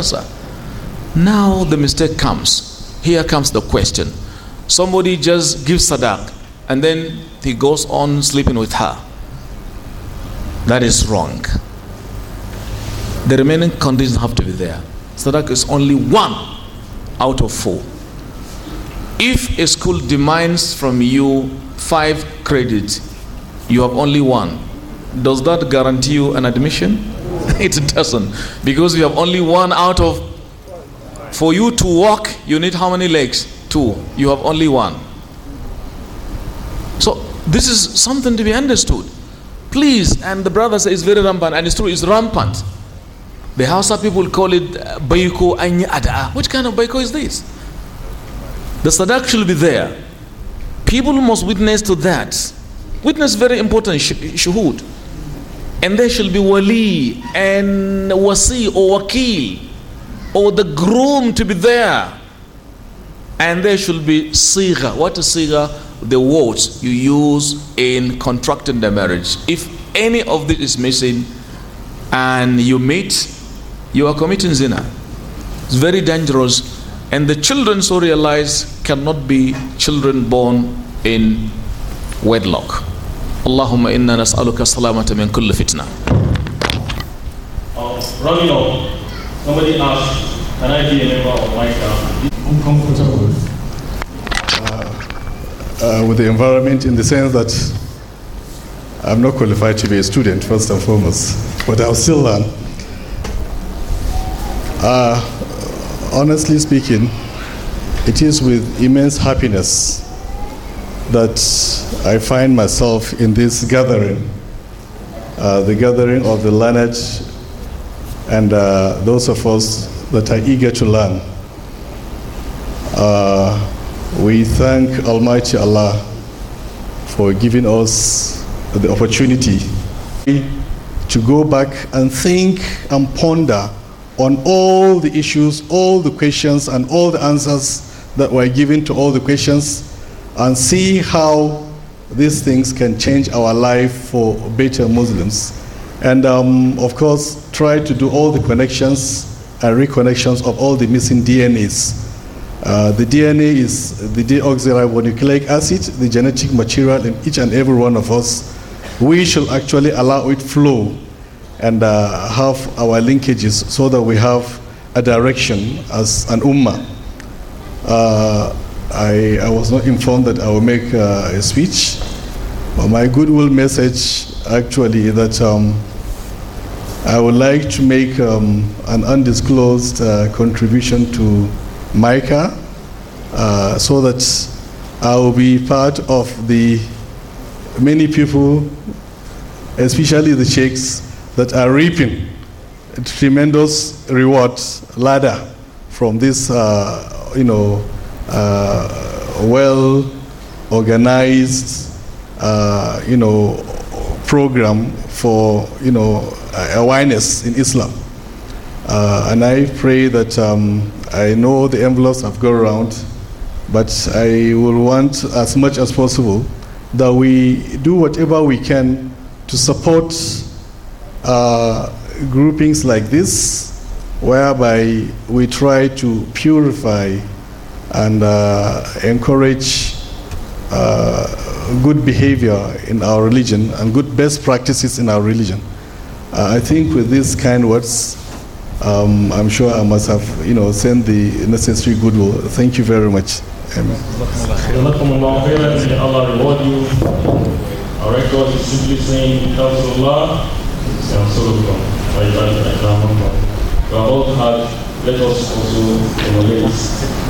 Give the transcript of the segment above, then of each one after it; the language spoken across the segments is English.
answer. Now the mistake comes. Here comes the question. Somebody just gives sadaq and then he goes on sleeping with her. That is wrong. The remaining conditions have to be there. Sadaq is only one out of four. If a school demands from you five credits, you have only one. Does that guarantee you an admission? it doesn't. Because you have only one out of. For you to walk, you need how many legs? Two. You have only one. So this is something to be understood. Please, and the brother says it's very rampant, and it's true, it's rampant. The Hausa people call it uh, Baiko Anya Which kind of Baiko is this? The Sadak should be there. People must witness to that. Witness very important, sh- shuhud. And there shall be wali and wasi or wakil or the groom to be there. And there should be siga. What is siga? The words you use in contracting the marriage. If any of this is missing and you meet, you are committing zina. It's very dangerous. And the children, so realize, cannot be children born in wedlock. اللهم إنا نسألك السلامة من كل فتنة running up, somebody asked, can I be a member of Uncomfortable uh, uh, with the environment in the sense that I'm not qualified to be a student, first and foremost, but I'll still learn. Uh, honestly speaking, it is with immense happiness that I find myself in this gathering, uh, the gathering of the learned and uh, those of us that are eager to learn. Uh, we thank Almighty Allah for giving us the opportunity to go back and think and ponder on all the issues, all the questions, and all the answers that were given to all the questions and see how these things can change our life for better Muslims. And um, of course, try to do all the connections and reconnections of all the missing DNAs. Uh, the DNA is the deoxyribonucleic acid, the genetic material in each and every one of us. We should actually allow it flow and uh, have our linkages so that we have a direction as an ummah. Uh, I, I was not informed that I will make uh, a speech. But my goodwill message actually that um, I would like to make um, an undisclosed uh, contribution to MICA uh, so that I will be part of the many people, especially the sheikhs, that are reaping tremendous rewards ladder from this, uh, you know, uh, well organized, uh, you know, program for, you know, awareness in Islam. Uh, and I pray that um, I know the envelopes have gone around, but I will want as much as possible that we do whatever we can to support uh, groupings like this, whereby we try to purify and encourage good behavior in our religion and good best practices in our religion. I think with these kind words, um, I'm sure I must have, you know, sent the necessary goodwill. Thank you very much. Amen. let us also emulate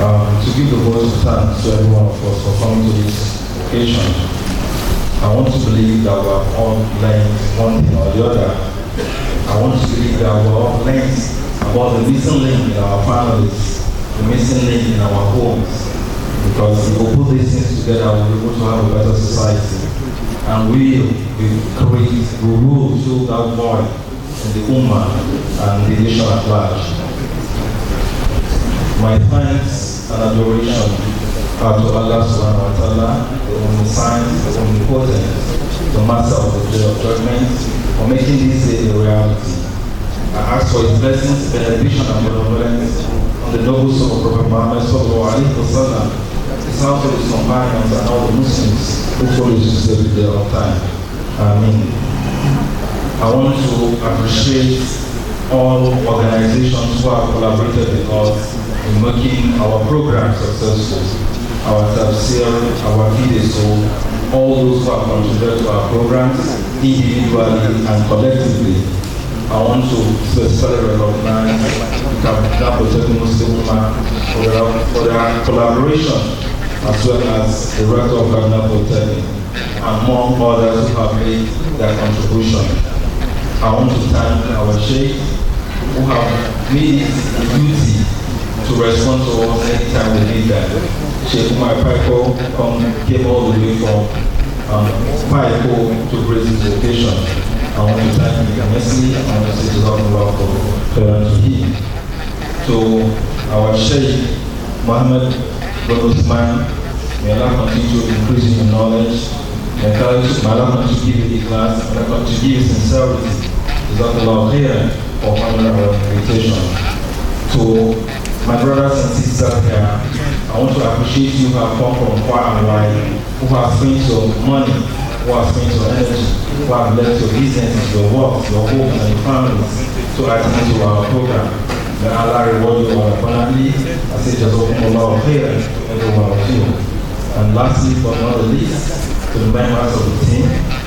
Um, to give the voice of thanks to everyone of us for coming to this occasion. I want to believe that we have all learned one thing or the other. I want to believe that we all learned about the missing link in our families, the missing link in our homes. Because if we put these things together, we'll be able to have a better society. And we will create, we will that void in the Ummah and the nation at large. My thanks and adoration are to Allah subhanahu wa ta'ala, the omniscient, the omnipotent, the master of the day of judgment, for making this day a reality. I ask for his blessings, benediction, and benevolence on the noble soul of Prophet Muhammad sallallahu alaihi wasallam, his of his companions, and all the Muslims who follow Jesus every day of time. Amen. I want to appreciate all organizations who have collaborated with us in making our programs successful, our tafsir, our PDSO, all those who have contributed to our programs individually and collectively. I want to specifically recognize Capital Project Muslim for their, for their collaboration as well as the work of Capital Protecting, among others who have made their contribution. I want to thank our Sheikh who have made it a duty to respond to us anytime we need that. Sheikh Umar Paiko um, came all the way from um, Paiko to raise his vocation. I want to thank him immensely. I want to say to God Jazakallah for parents to him. To our Sheikh Muhammad bin Usman, may Allah continue to increase in your knowledge. May Allah continue to give the class. May Allah continue to give you sincerity. Jazakallah here for honoring our invitation. To my brothers and sisters here, I want to appreciate you who have come from far and wide, who have spent your money, who have spent your energy, who have left your business, your work, your home, and your families to attend to our program. May Allah reward you all abundantly. I say just open a lot of prayer to one of you. And lastly, but not the least, to the members of the team,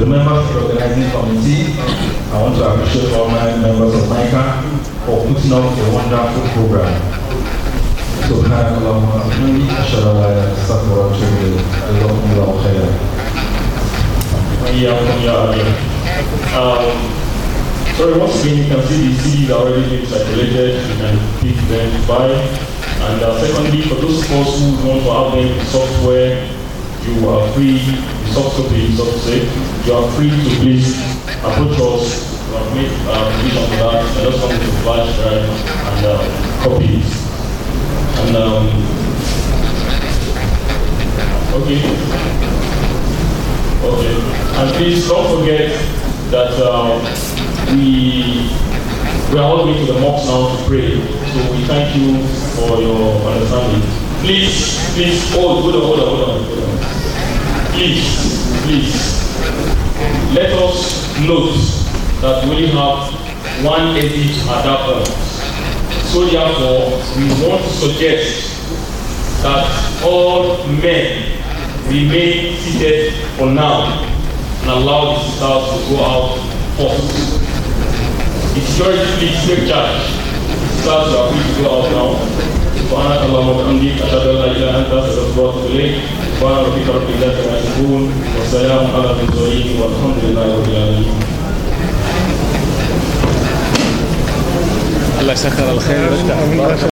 the members of the organizing committee, I want to appreciate all my members of MICA for putting up a wonderful program. So اللهم وبحمدك أشهد أن لا إله إلا أنت وأتوب إليك جزاكم الله خيرا. إياكم يا أبي. So once again, you can see the CDs are already being circulated. You can pick them to buy. And uh, secondly, for those of us who want to have the software, you are free it's up to to You are free to please approach us. You have made um, on that. I just wanted to flash drive uh, and uh, copies. And um, okay, okay. And please don't forget that uh, we we are all going to the mosque now to pray. So we thank you for your understanding. Please, please, hold, hold on, hold on, hold on please, please, let us note that we have one edit at that point. So therefore, we want to suggest that all men remain seated for now and allow the sisters to go out first. It's your please take charge. Sisters are free to go out now. وربك رب الله ما يشكون والسلام على المرسلين والحمد لله رب العالمين الله يسخر الخير